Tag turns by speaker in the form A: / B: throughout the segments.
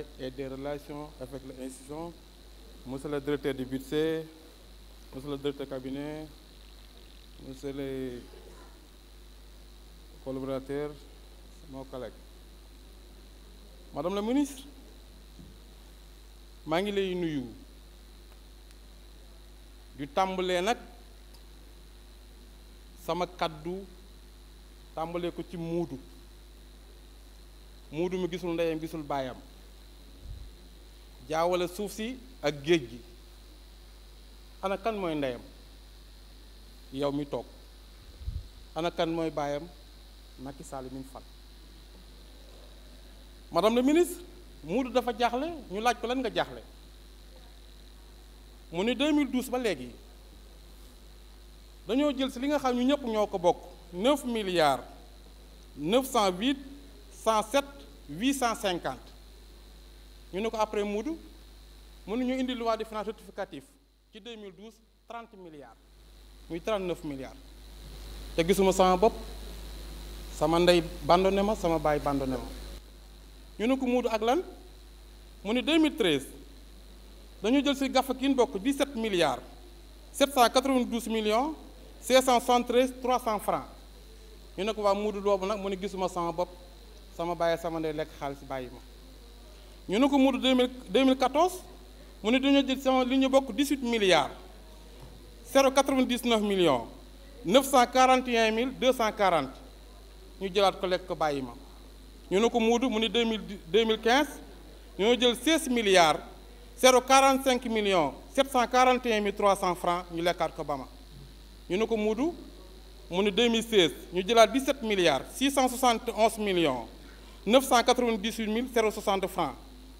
A: travail des relations avec l'institution, monsieur le directeur du budget, monsieur le directeur cabinet, monsieur le collaborateur, mon collègue. Madame la ministre, maa ngi lay nuyu du tàmbalee nag sama kàddu tàmbalee ko ci muudu muudu mu gisul ndeyam gisul baayam jaawale suuf si ak géej gi ana mooy ndeyam yow mi toog ana mooy baayam Macky Sall mi fal madame la ministre Moodu dafa jaaxle ñu laaj ko lan nga jaaxle mu ne 2012 ba léegi dañoo jël si li nga xam ñu ñëpp ñoo ko bokk 9 milliards 908 107 850 ñu ne ko après Moodu mënuñu indi loi de finances rectificative ci 2012 30 milliards muy 39 milliards te gisuma sama bopp sama ndey bandone ma sama baay bandone ma ñu ne ko Moodu ak lan mu ne 2013 dañu jël si gafa kin bokk 17 milliards 792 millions 573 300 francs ñu ne ko waa Moodu loobu nag mu ne gisuma sama bopp sama baay sama ndey lekk xaalis bàyyi ma. ñu ne ko mutu 2014 mu ne dañoo jël sama li ñu bokk 18 milliards 0,99 millions 941 mille 240 ñu jëlaat ko lekk ko bàyyi ma ñu ne ko muudu mu ne 2015 ñoo jël 16 milliards 0,45 millions 741 mille 300 francs ñu lekkaat ko ba ma ñu ne ko muudu mu ne 2016 ñu jëlaat 17 milliards 671 millions 998 mille 060 francs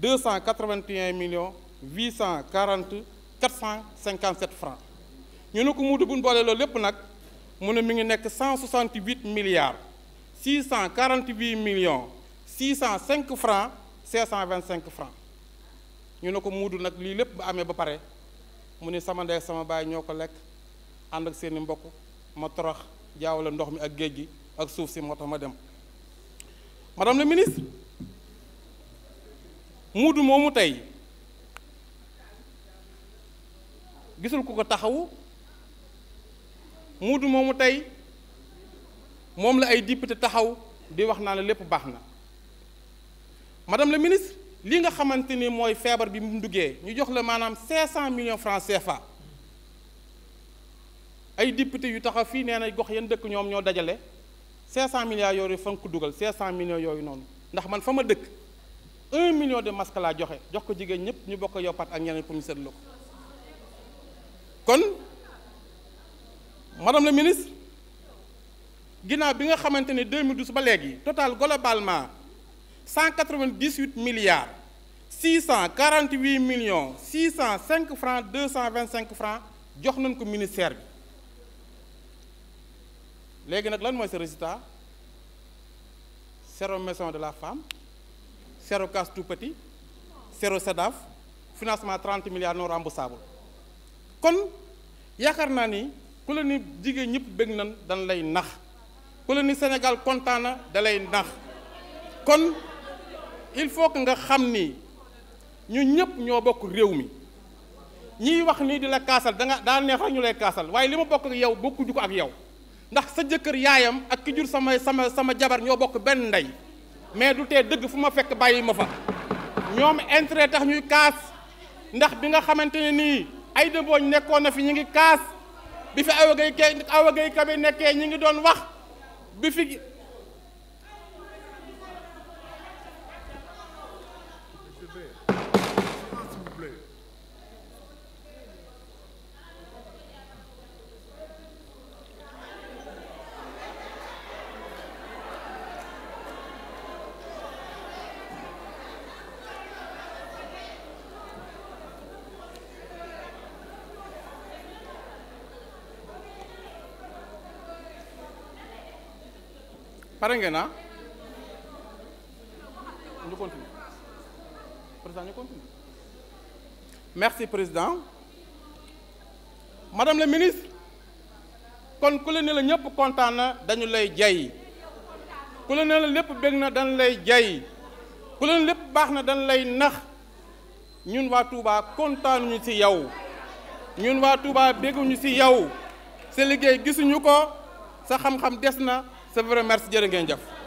A: deux cent quatre-vingt-un huit cent quarante quatre cent cinquante-sept francs ñu ne ko muudu buñ boole loolu lépp nag mu ne mi ngi nekk cent soixante-huit milliards six cent quarante-huit millions six cent cinq francs cinq cent vingt-cinq francs ñu ne ko muudu nag lii lépp ba amee ba pare mu ne sama ndey sama baay ñoo ko lekk ànd ak seeni mbokk ma torox jaawale ndox mi ak géej gi ak suuf si moo tax ma dem madame la ministre muudu moomu tey gisul ko ko taxawu muudu moomu tey moom la ay député taxaw di wax naa la lépp baax na madame la ministre li nga xamante ni mooy feebar bi mu duggee ñu jox la maanaam cinq cent million francs CFA ay député yu taxaw fii nee na gox yan dëkk ñoom ñoo dajale cinq cent milliards yooyu fan ko dugal cinq cent millions yooyu noonu ndax man fa ma dëkk un million de masques laa joxe jox ko jigéen ñëpp ñu bokk yoppaat ak ñeneen pour ñu seetlu ko kon madame la ministre ginnaaw bi nga xamante ne 2012 ba léegi total globalement cent milliards 648 millions 605 francs 225 francs jox nañ ko ministère bi léegi nag lan mooy sa résultat zéro maison de la femme. zéro casse tout petit zéro SEDAF financement 30 milliards non remboursable kon yaakaar naa ni ku la ni jigéen ñëpp bëgg nan dañ lay nax ku la ni senegal kontaan na da lay nax kon il faut que nga xam ni ñu ñëpp ñoo bokk réew mi ñiy wax nii di la kaasal da nga daa neex rek ñu lay kaasal waaye li ma bokk ak yow bokkuñu ko ak yow ndax sa jëkkër yaayam ak ki jur sama sama sama jabar ñoo bokk benn ndey mais du tee dëgg fu ma fekk bàyyi ma fa ñoom intérêt tax ñuy kaas ndax bi nga xamante ne nii ay dëbooñ nekkoon na fi ñu ngi kaas bi fi awagay ke awagay kabi nekkee ñi ngi doon wax bi fi pare ngeen ah ñu continue président merci président madame la ministre kon ku la ne la ñëpp kontaan dañu lay jay ku la ne la lépp bég na dañu lay jay ku lépp baax na dañu lay nax ñun waa Touba kontaanuñu ci yow ñun waa Touba bégguñu ci yow sa liggéey gisuñu ko sa xam-xam des na c'est vrai merci jërë ngeen jëf